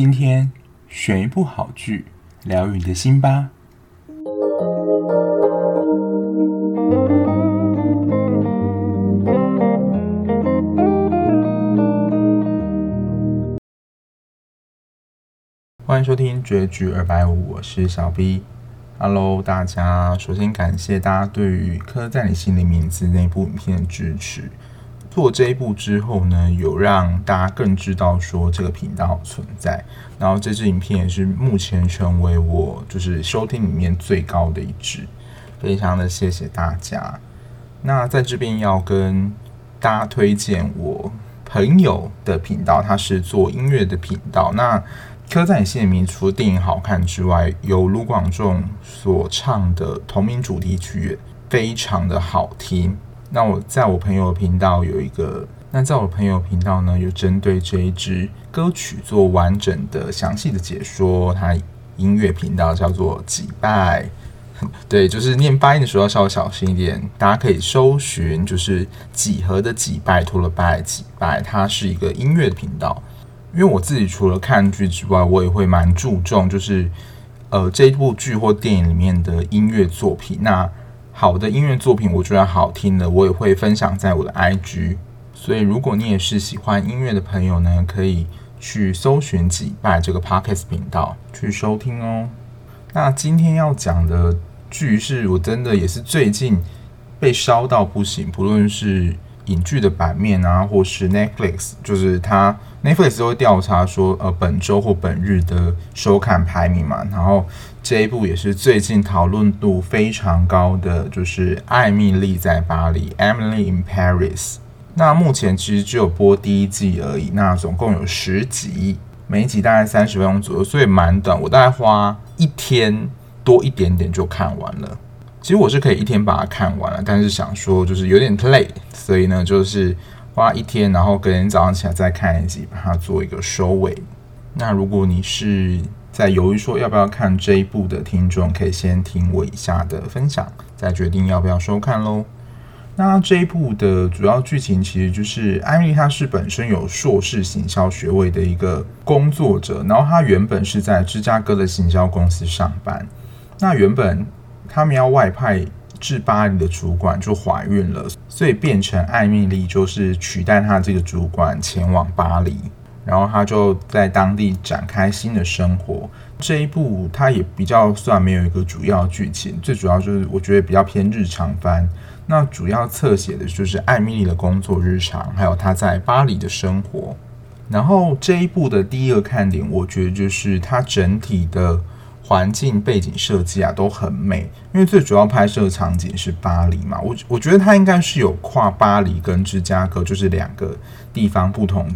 今天選一部好劇，療癒你的心吧。歡迎收聽追劇二百五，我是小 B。Hello，大家，首先感謝大家對於《刻在你心裡名字》那部影片的支持。做這一部之後呢，有讓大家更知道說這個頻道存在。然後這支影片也是目前成為我就是收聽裡面最高的一支，非常的謝謝大家。那在這邊要跟大家推薦我朋友的頻道，他是做音樂的頻道。那《刻在你心底的名字》除了電影好看之外，由盧廣仲所唱的同名主題曲，非常的好聽。那我在我朋友頻道有一個，那在我朋友頻道呢，有針對這一支歌曲做完整的詳細的解說。他音樂頻道叫做“幾拜”， 對，就是念發音的時候要稍微小心一點。大家可以搜尋，就是幾何的“幾拜”托了“拜”，幾拜，它是一個音樂頻道。因為我自己除了看劇之外，我也會蠻注重，就是呃，這部劇或電影裡面的音樂作品。那。好的音樂作品，我覺得好聽的，我也會分享在我的 IG。所以，如果你也是喜歡音樂的朋友呢，可以去搜尋幾拜這個 Podcast 頻道去收聽哦。那今天要講的劇是我真的也是最近被燒到不行，不論是影劇的版面啊，或是 Netflix，就是它 Netflix 都會調查說，呃，本周或本日的收看排名嘛，然後。這一部也是最近討論度非常高的，就是《艾蜜莉在巴黎》（Emily in Paris）。那目前其實只有播第一季而已，那總共有十集，每一集大概三十分鐘左右，所以蠻短。我大概花一天多一點點就看完了。其實我是可以一天把它看完了，但是想說就是有點累，所以呢，就是花一天，然後隔天早上起來再看一集，把它做一個收尾。那如果你是……在猶豫說要不要看這一部的聽眾，可以先聽我以下的分享，再決定要不要收看嘍。那這一部的主要劇情其實就是艾蜜莉，她是本身有碩士行銷學位的一個工作者，然後她原本是在芝加哥的行銷公司上班。那原本他們要外派至巴黎的主管就懷孕了，所以變成艾蜜莉就是取代她這個主管前往巴黎。然後他就在當地展開新的生活。這一部他也比較算，沒有一個主要劇情，最主要就是我覺得比較偏日常番。那主要側寫的就是艾蜜莉的工作日常，還有她在巴黎的生活。然後這一部的第二個看點，我覺得就是它整體的環境背景設計啊都很美，因為最主要拍攝場景是巴黎嘛。我我覺得它應該是有跨巴黎跟芝加哥，就是兩個地方不同。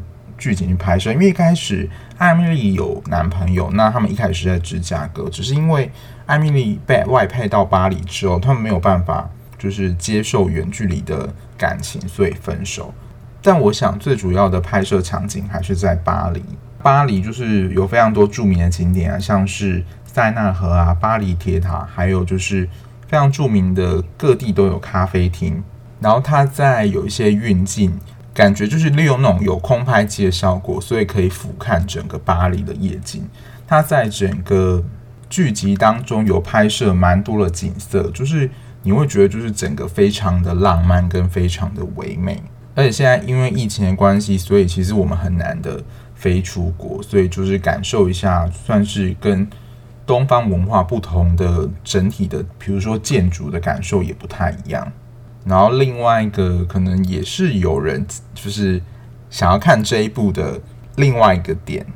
劇情去拍攝，因為一開始艾蜜莉有男朋友，那他們一開始是在芝加哥，只是因為艾蜜莉被外派到巴黎之後，他們沒有辦法就是接受遠距離的感情，所以分手。但我想最主要的拍攝場景還是在巴黎，巴黎就是有非常多著名的景點啊，像是塞納河啊、巴黎鐵塔，還有就是非常著名的各地都有咖啡廳，然後他在有一些運鏡，感覺就是利用那種有空拍機的效果，所以可以俯瞰整個巴黎的夜景。它在整個劇集當中有拍攝蠻多的景色，就是你會覺得就是整個非常的浪漫跟非常的唯美。而且現在因為疫情的關係，所以其實我們很難的飛出國，所以就是感受一下，算是跟東方文化不同的整體的，比如說建築的感受也不太一樣。然後另外一個可能也是有人就是想要看這一部的另外一個點，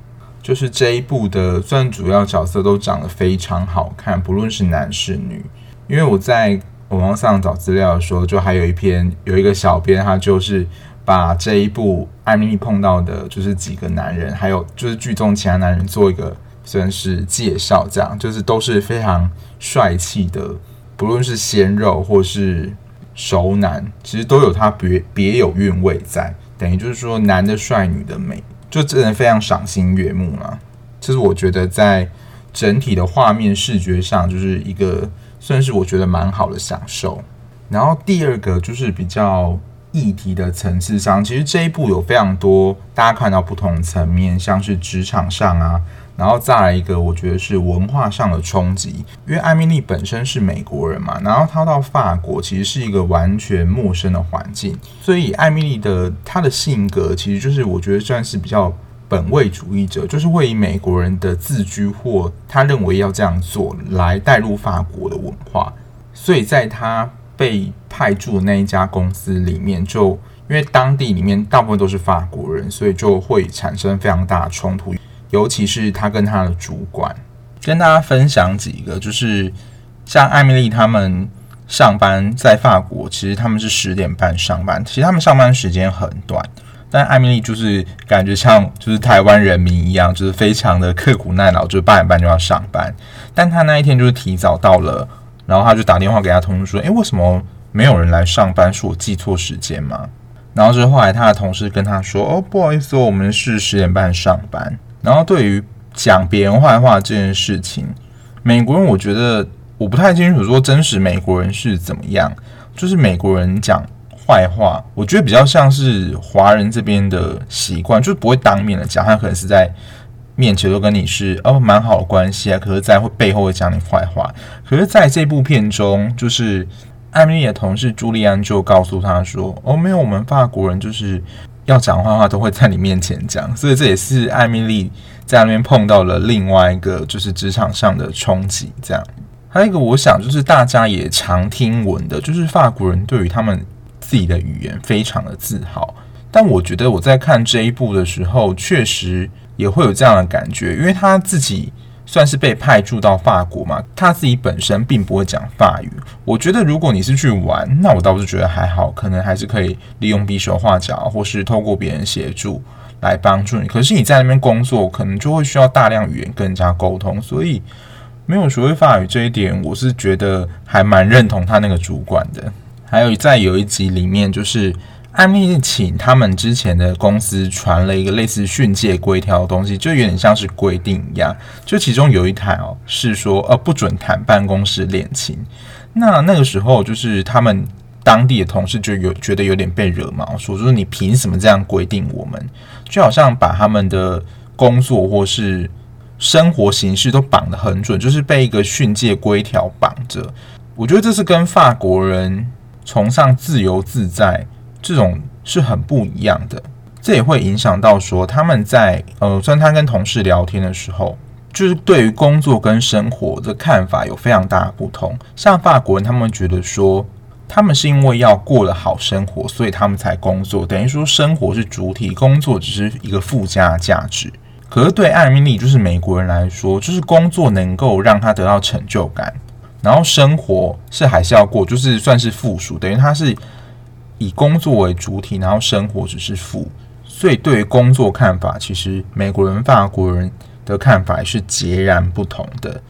就是這一部的雖然主要角色都長得非常好看，不論是男是女。因為我在網上找資料的時候，就還有一篇有一個小編，他就是把這一部艾蜜莉碰到的就是幾個男人，還有就是劇中其他男人做一個算是介紹，這樣就是都是非常帥氣的，不論是鮮肉或是。熟男其實都有他別別有韻味在。等於就是說男的帥，女的美，就真的非常賞心悅目嘛。這，就是我覺得在整體的畫面視覺上，就是一個算是我覺得蠻好的享受。然後第二個就是比較。議題的層次上，其實這一部有非常多，大家看到不同層面，像是職場上啊，然後再來一個，我覺得是文化上的衝擊。因為艾蜜莉本身是美國人嘛，然後她到法國其實是一個完全陌生的環境，所以艾蜜莉的她的性格其實就是我覺得算是比較本位主義者，就是會以美國人的自居或他認為要這樣做來帶入法國的文化，所以在她。被派駐的那一家公司裡面，就因為當地裡面大部分都是法國人，所以就會產生非常大的衝突，尤其是他跟他的主管。跟大家分享幾個，就是像艾蜜莉他們上班在法國，其實他們是十點半上班，其實他們上班時間很短，但艾蜜莉就是感覺像就是台灣人民一樣，就是非常的刻苦耐勞，就是八點半就要上班，但他那一天就是提早到了。然後他就打電話給他同事說：“誒，為什麼沒有人來上班？是我記錯時間嗎？”然後是後來他的同事跟他說：“哦，不好意思，我們是十點半上班。”然後對於講別人壞話這件事情，美國人我覺得我不太清楚，說真實美國人是怎麼樣。就是美國人講壞話，我覺得比較像是華人這邊的習慣，就是不會當面的講，他可能是在。面前都跟你是哦，蠻好的關係啊。可是在會，在背後會講你壞話。可是，在這部片中，就是艾蜜莉的同事朱利安就告訴他說：“哦，沒有，我們法國人就是要講壞話，話都會在你面前講。”所以，這也是艾蜜莉在那邊碰到了另外一個就是職場上的衝擊。這樣還有一個，我想就是大家也常聽聞的，就是法國人對於他們自己的語言非常的自豪。但我覺得我在看這一部的時候，確實。也會有這樣的感覺，因為他自己算是被派駐到法國嘛，他自己本身並不會講法語。我覺得如果你是去玩，那我倒是覺得還好，可能還是可以利用比手畫腳或是透過別人協助來幫助你。可是你在那邊工作，可能就會需要大量語言跟人家溝通，所以沒有學會法語這一點，我是覺得還蠻認同他那個主管的。還有在有一集裡面就是。艾蜜莉請他們之前的公司傳了一個類似訓誡規條的東西，就有點像是規定一樣。就其中有一條哦，是說，呃，不准談辦公室戀情。那那個時候，就是他們當地的同事就有覺得有點被惹毛，說，說你憑什麼這樣規定我們？就好像把他們的工作或是生活形式都綁得很準，就是被一個訓誡規條綁着。我覺得這是跟法國人崇尚自由自在。這種是很不一樣的，這也會影響到說他們在呃，雖然他跟同事聊天的時候，就是對於工作跟生活的看法有非常大的不同。像法國人，他們覺得說他們是因為要過了好生活，所以他們才工作，等於說生活是主體，工作只是一個附加價值。可是對艾蜜莉，就是美國人來說，就是工作能夠讓他得到成就感，然後生活是還是要過，就是算是附屬，等於他是。以工作為主體，然後生活只是副。所以對於工作看法，其實美國人、法國人的看法也是截然不同的。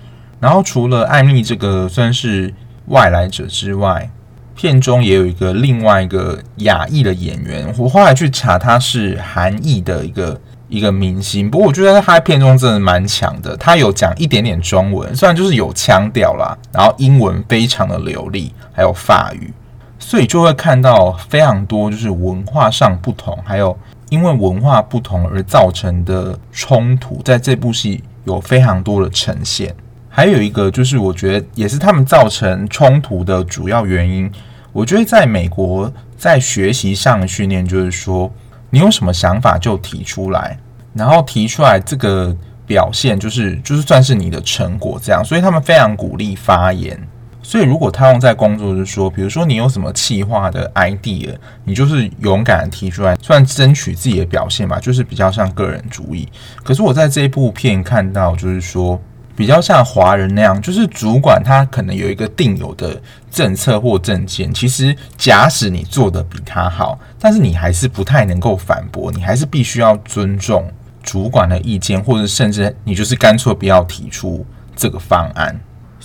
然後除了艾蜜這個算是外來者之外，片中也有一個另外一個亞裔的演員。我後來去查，他是韓裔的一個一個明星。不過我覺得他片中真的蠻強的。他有講一點點中文，雖然就是有腔調啦，然後英文非常的流利，還有法語。所以就會看到非常多，就是文化上不同，還有因為文化不同而造成的衝突，在這部戲有非常多的呈現。還有一個就是，我覺得也是他們造成衝突的主要原因。我覺得在美國，在學習上的訓練就是說，你有什麼想法就提出來，然後提出來這個表現就是就是算是你的成果這樣。所以他們非常鼓勵發言。所以，如果他用在工作，就是說，比如說你有什麼企劃的 idea，你就是勇敢提出來，算爭取自己的表現吧，就是比較像個人主義。可是我在這一部片看到，就是說比較像華人那樣，就是主管他可能有一個定有的政策或政見。其實，假使你做得比他好，但是你還是不太能夠反駁，你還是必須要尊重主管的意見，或者甚至你就是乾脆不要提出這個方案。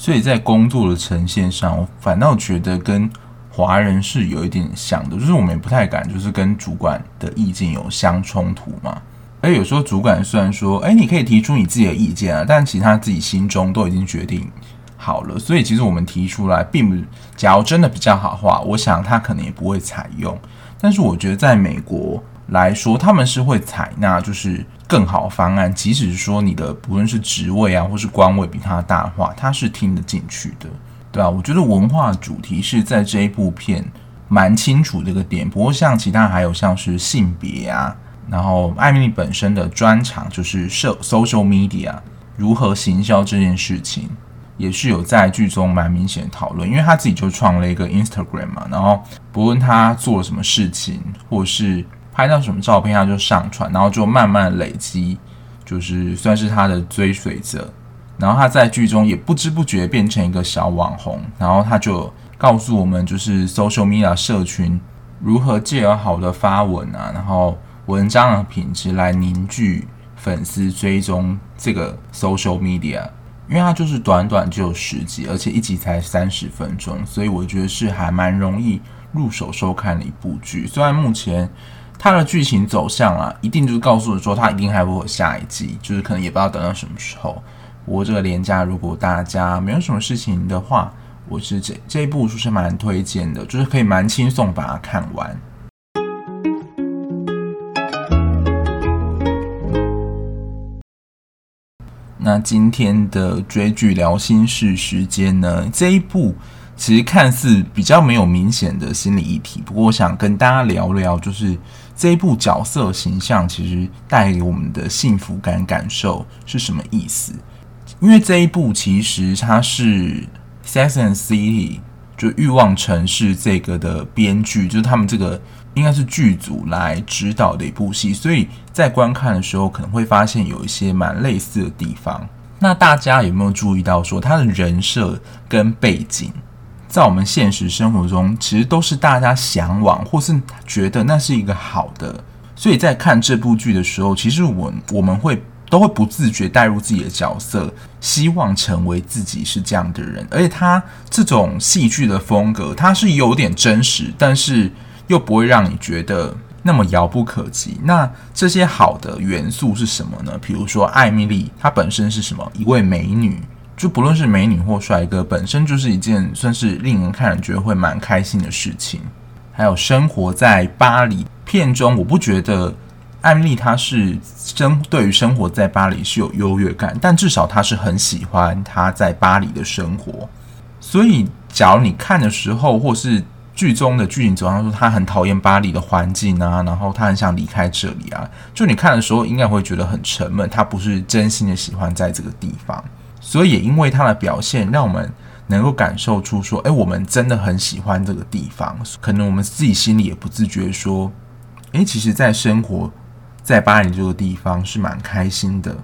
所以在工作的呈現上，我反倒覺得跟華人是有一點像的，就是我們也不太敢，就是跟主管的意見有相衝突嘛。而有時候主管雖然說，誒、欸，你可以提出你自己的意見啊，但其實他自己心中都已經決定好了。所以其實我們提出來，並不，假如真的比較好的話，我想他可能也不會採用。但是我覺得在美國來說，他們是會採納就是更好的方案，即使是說你的不論是職位啊，或是官位比他大的話，他是聽得進去的，對啊，我覺得文化主題是在這一部片蠻清楚的一個點。不過像其他還有像是性別啊，然後艾蜜莉本身的專長就是社 social media 如何行銷這件事情，也是有在劇中蠻明顯的討論，因為他自己就創了一個 Instagram 嘛，然後不論他做了什麼事情，或者是。拍到什麼照片他就上傳，然後就慢慢累積，就是算是他的追隨者。然後他在劇中也不知不覺變成一個小網紅，然後他就告訴我們，就是 social media 社群，如何借由好的發文啊，然後文章的品質來凝聚粉絲追蹤這個 social media。因為它就是短短只有十集，而且一集才三十分鐘，所以我覺得是還蠻容易入手收看的一部劇。雖然目前。他的劇情走向啊，一定就是告訴我說，他一定還會有下一季，就是可能也不知道等到什麼時候。我這個連假如果大家沒有什麼事情的話，我是這這一部書是蠻推薦的，就是可以蠻輕鬆把它看完。那今天的追劇聊心事時間呢，這一部其實看似比較沒有明顯的心理議題，不過我想跟大家聊聊，就是。這一部角色形象其實帶給我們的幸福感感受是什麼意思？因為這一部其實它是 Sex and the City，就欲望城市這個的編劇，就是他們這個應該是劇組來指導的一部戲，所以在觀看的時候可能會發現有一些蠻類似的地方。那大家有沒有注意到說他的人設跟背景？在我們現實生活中，其實都是大家嚮往或是覺得那是一個好的，所以在看這部劇的時候，其實我我們會都會不自覺帶入自己的角色，希望成為自己是這樣的人。而且他這種戲劇的風格，它是有點真實，但是又不會讓你覺得那麼遙不可及。那這些好的元素是什麼呢？比如說艾蜜莉，她本身是什麼？一位美女。就不論是美女或帥哥，本身就是一件算是令人看了覺得會蠻開心的事情。還有生活在巴黎片中，我不覺得艾蜜莉他是針對於生活在巴黎是有優越感，但至少他是很喜歡他在巴黎的生活。所以，假如你看的時候，或是劇中的劇情走向說他很討厭巴黎的環境啊，然後他很想離開這裡啊，就你看的時候應該會覺得很沉悶，他不是真心的喜歡在這個地方。所以也因為他的表現，讓我們能夠感受出說，哎、欸，我們真的很喜歡這個地方。可能我們自己心裡也不自覺說，誒、欸，其實，在生活在巴黎這個地方是蠻開心的。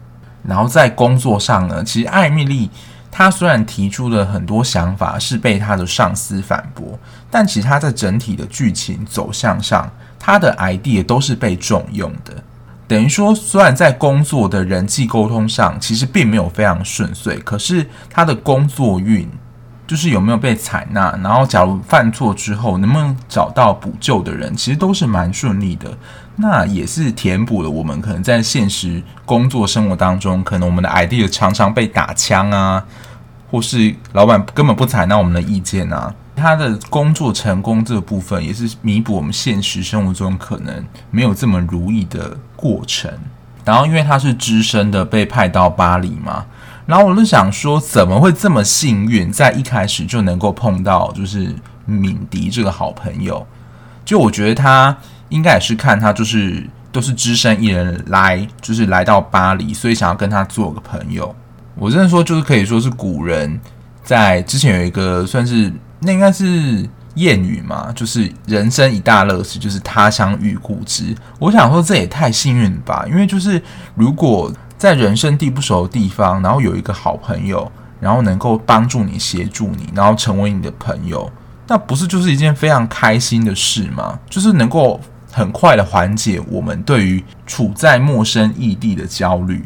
然後在工作上呢，其實艾蜜莉她雖然提出了很多想法是被她的上司反駁，但其實她在整體的劇情走向上，她的 idea 都是被重用的。等於說，雖然在工作的人際溝通上，其實並沒有非常順遂，可是他的工作運，就是有沒有被採納，然後假如犯錯之後，能不能找到補救的人，其實都是蠻順利的。那也是填補了我們可能在現實工作生活當中，可能我們的 idea 常常被打槍啊，或是老闆根本不採納我們的意見啊。他的工作成功這個部分，也是彌補我們現實生活中可能沒有這麼如意的過程。然後，因為他是資深的被派到巴黎嘛，然後我就想說，怎麼會這麼幸運，在一開始就能夠碰到，就是敏迪這個好朋友？就我覺得他應該也是看他就是都是資深一人來，就是來到巴黎，所以想要跟他做個朋友。我真的說就是可以說是古人在之前有一個算是，那應該是諺語嘛，就是人生一大樂事就是他鄉遇故知。我想說這也太幸運了吧，因為就是如果在人生地不熟的地方，然後有一個好朋友，然後能夠幫助你、協助你，然後成為你的朋友，那不是就是一件非常開心的事嗎？就是能夠很快的緩解我們對於處在陌生異地的焦慮。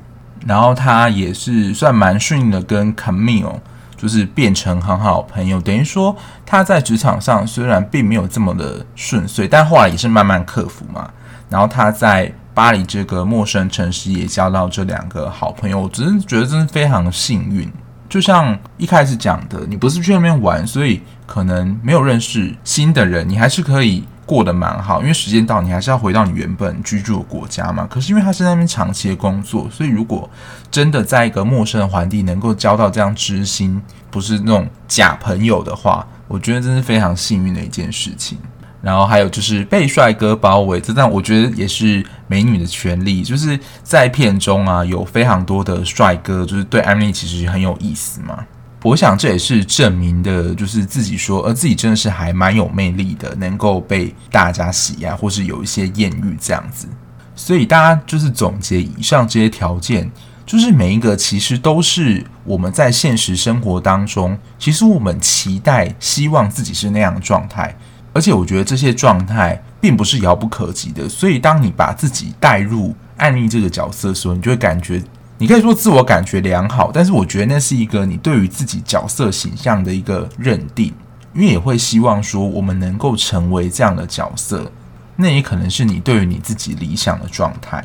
然後他也是算蠻幸運的，跟 Camille。就是變成很好、好朋友，等於說他在職場上雖然並沒有這麼的順遂，但後來也是慢慢克服嘛。然後他在巴黎這個陌生城市也交到這兩個好朋友，我只是覺得真是非常幸運。就像一開始講的，你不是去那邊玩，所以可能沒有認識新的人，你還是可以。過得蠻好，因為時間到，你還是要回到你原本居住的國家嘛。可是因為他是在那邊長期的工作，所以如果真的在一個陌生的環境能夠交到這樣知心，不是那種假朋友的話，我覺得真是非常幸運的一件事情。然後還有就是被帥哥包圍，這段我覺得也是美女的權利，就是在片中啊有非常多的帥哥，就是對艾蜜莉其實很有意思嘛。我想這也是證明的，就是自己說，而自己真的是還蠻有魅力的，能夠被大家喜愛，或是有一些豔遇這樣子。所以大家就是總結以上這些條件，就是每一個其實都是我們在現實生活當中，其實我們期待希望自己是那樣的狀態。而且我覺得這些狀態並不是遙不可及的。所以當你把自己帶入艾蜜莉這個角色的時候，你就會感覺。你可以說自我感覺良好，但是我覺得那是一個你對於自己角色形象的一個認定，因為也會希望說我們能夠成為這樣的角色，那也可能是你對於你自己理想的狀態。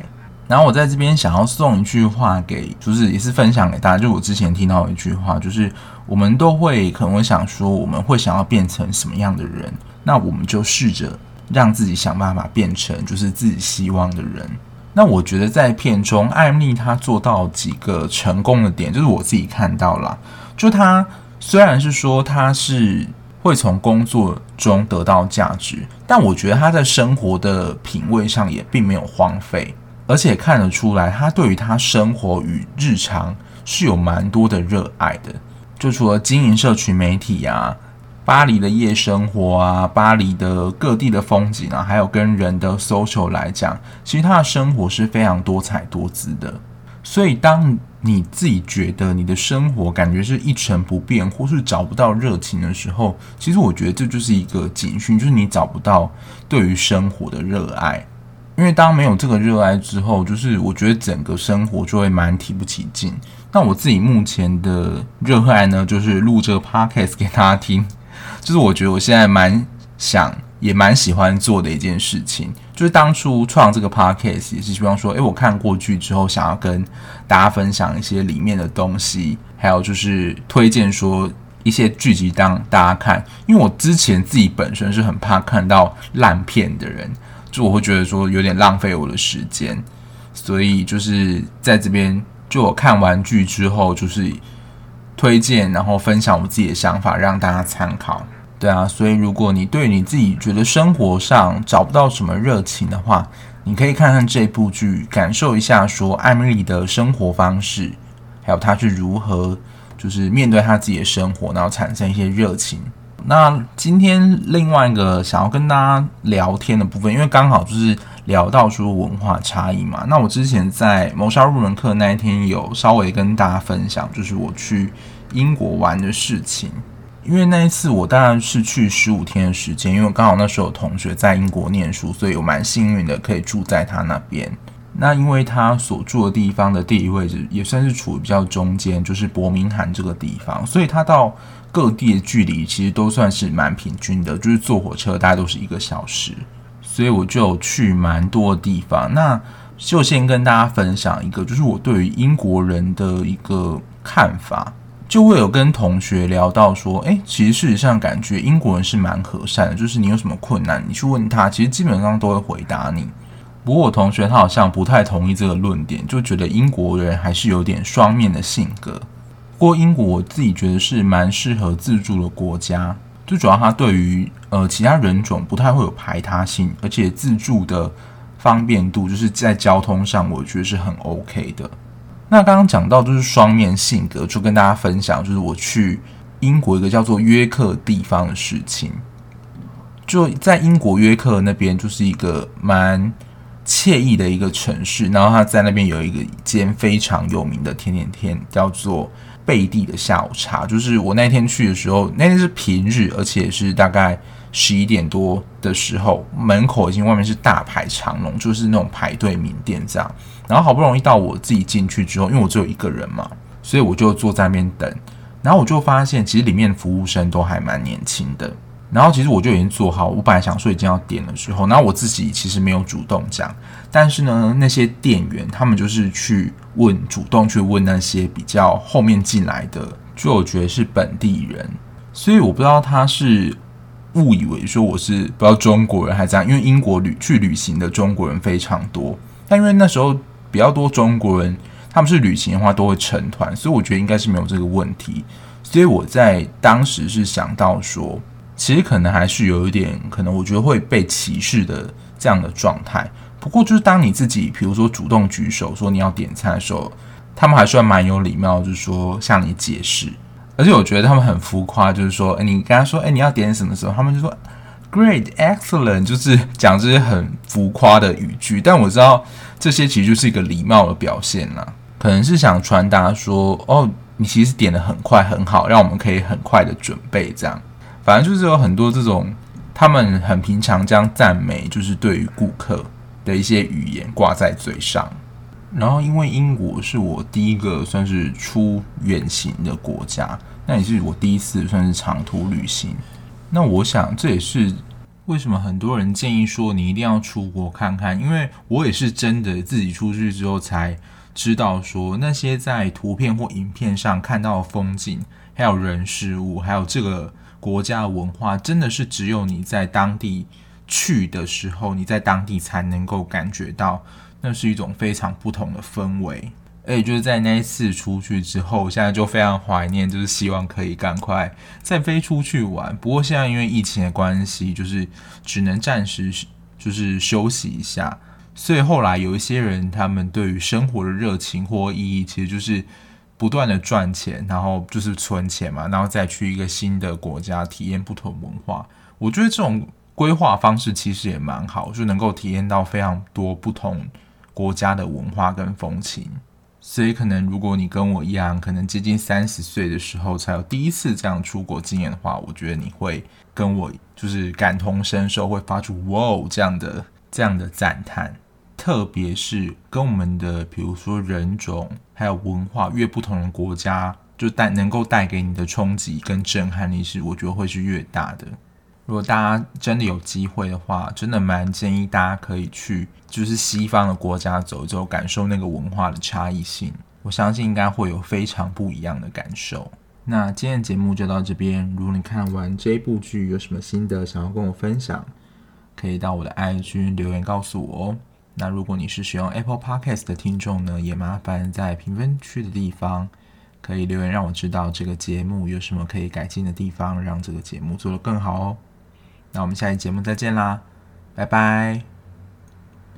然後我在這邊想要送一句話給，就是也是分享給大家，就是我之前聽到一句話，就是我們都會可能我想說我們會想要變成什麼樣的人，那我們就試着讓自己想辦法變成就是自己希望的人。那我覺得在片中，艾蜜莉她做到幾個成功的點，就是我自己看到啦。就她雖然是說她是會從工作中得到價值，但我覺得她在生活的品味上也並沒有荒廢，而且看得出來，她對於她生活與日常是有蠻多的熱愛的。就除了經營社群媒體啊，巴黎的夜生活啊，巴黎的各地的風景啊，還有跟人的 social 來講，其實他的生活是非常多彩多姿的。所以，當你自己覺得你的生活感覺是一成不變，或是找不到熱情的時候，其實我覺得這就是一個警訊，就是你找不到對於生活的熱愛。因為當沒有這個熱愛之後，就是我覺得整個生活就會蠻提不起勁。那我自己目前的熱愛呢，就是錄這個 podcast 給大家聽。就是我覺得我現在蠻想，也蠻喜歡做的一件事情，就是當初創這個 podcast 也是希望說，哎、欸，我看過劇之後，想要跟大家分享一些裡面的東西，還有就是推薦說一些劇集當大家看。因為我之前自己本身是很怕看到爛片的人，就我會覺得說有點浪費我的時間，所以就是在這邊，就我看完劇之後，就是。推薦，然後分享我自己的想法，讓大家參考。對啊，所以如果你對你自己覺得生活上找不到什麼熱情的話，你可以看看這部劇，感受一下說艾蜜莉的生活方式，還有她是如何就是面對她自己的生活，然後產生一些熱情。那今天另外一個想要跟大家聊天的部分，因為剛好就是。聊到說文化差異嘛，那我之前在謀殺入門課那一天有稍微跟大家分享，就是我去英國玩的事情。因為那一次我當然是去十五天的時間，因為剛好那時候有同學在英國念書，所以我蠻幸運的可以住在他那邊。那因為他所住的地方的地理位置也算是處於比較中間，就是伯明翰這個地方，所以他到各地的距離其實都算是蠻平均的，就是坐火車大概都是一個小時。所以我就去蠻多地方，那就先跟大家分享一個，就是我對於英國人的一個看法。就會有跟同學聊到說，欸，其實事實上感覺英國人是蠻和善的，就是你有什麼困難，你去問他，其實基本上都會回答你。不過我同學他好像不太同意這個論點，就覺得英國人還是有點雙面的性格。不過英國我自己覺得是蠻適合自助的國家。最主要，它對於呃、其他人種不太會有排他性，而且自助的方便度，就是在交通上，我覺得是很 OK 的。那剛剛講到就是雙面性格，就跟大家分享，就是我去英國一個叫做約克地方的事情，就在英國約克那邊，就是一個蠻愜意的一個城市，然後他在那邊有一個間非常有名的甜點店，叫做。貝蒂的下午茶，就是我那天去的時候，那天是平日，而且是大概十一點多的時候，門口已經外面是大排長龍，就是那種排隊名店這樣。然後好不容易到我自己進去之後，因為我只有一個人嘛，所以我就坐在那邊等。然後我就發現，其實裡面服務生都還蠻年輕的。然後其實我就已經做好，我本來想說已經要點的時候，然後我自己其實沒有主動講，但是呢，那些店員他們就是去問，主動去問那些比較後面進來的，就我覺得是本地人，所以我不知道他是誤以為說我是不知道中國人還是這樣，因為英國旅去旅行的中國人非常多，但因為那時候比較多中國人，他們是旅行的話都會成團，所以我覺得應該是沒有這個問題，所以我在當時是想到說。其實可能還是有一點，可能我覺得會被歧視的這樣的狀態。不過就是當你自己，比如說主動舉手說你要點菜的時候，他們還算蠻有禮貌，就是說向你解釋。而且我覺得他們很浮誇，就是說，欸、你跟他說，哎、欸，你要點什麼的時候，他們就說 great, excellent，就是講這些很浮誇的語句。但我知道這些其實就是一個禮貌的表現啦，可能是想傳達說，哦，你其實點的很快很好，讓我們可以很快的準備這樣。反正就是有很多這種，他們很平常將讚美就是對於顧客的一些語言掛在嘴上，然後因為英國是我第一個算是出遠行的國家，那也是我第一次算是長途旅行。那我想這也是為什麼很多人建議說你一定要出國看看，因為我也是真的自己出去之後才知道說那些在圖片或影片上看到的風景，還有人事物，還有這個。國家文化真的是只有你在當地去的時候，你在當地才能夠感覺到，那是一種非常不同的氛圍。而且就是在那一次出去之後，現在就非常懷念，就是希望可以趕快再飛出去玩。不過現在因為疫情的關係，就是只能暫時就是休息一下。所以後來有一些人，他們對於生活的熱情或意義，其實就是。不斷的賺錢，然後就是存錢嘛，然後再去一個新的國家體驗不同文化。我覺得這種規劃方式其實也蠻好，就能夠體驗到非常多不同國家的文化跟風情。所以，可能如果你跟我一樣，可能接近三十歲的時候才有第一次這樣出國經驗的話，我覺得你會跟我就是感同身受，會發出“哇哦”這樣的這樣的讚嘆。特別是跟我們的，比如說人種還有文化越不同的國家，就帶能夠帶給你的衝擊跟震撼力，是，我覺得會是越大的。如果大家真的有機會的話，真的蠻建議大家可以去，就是西方的國家走一走，感受那個文化的差異性。我相信應該會有非常不一樣的感受。那今天的節目就到這邊。如果你看完這部劇有什麼心得，想要跟我分享，可以到我的 IG 留言告訴我哦。那如果你是使用 Apple Podcast 的聽眾呢，也麻煩在評分區的地方可以留言，讓我知道這個節目有什麼可以改進的地方，讓這個節目做得更好哦。那我們下期節目再見啦，拜拜。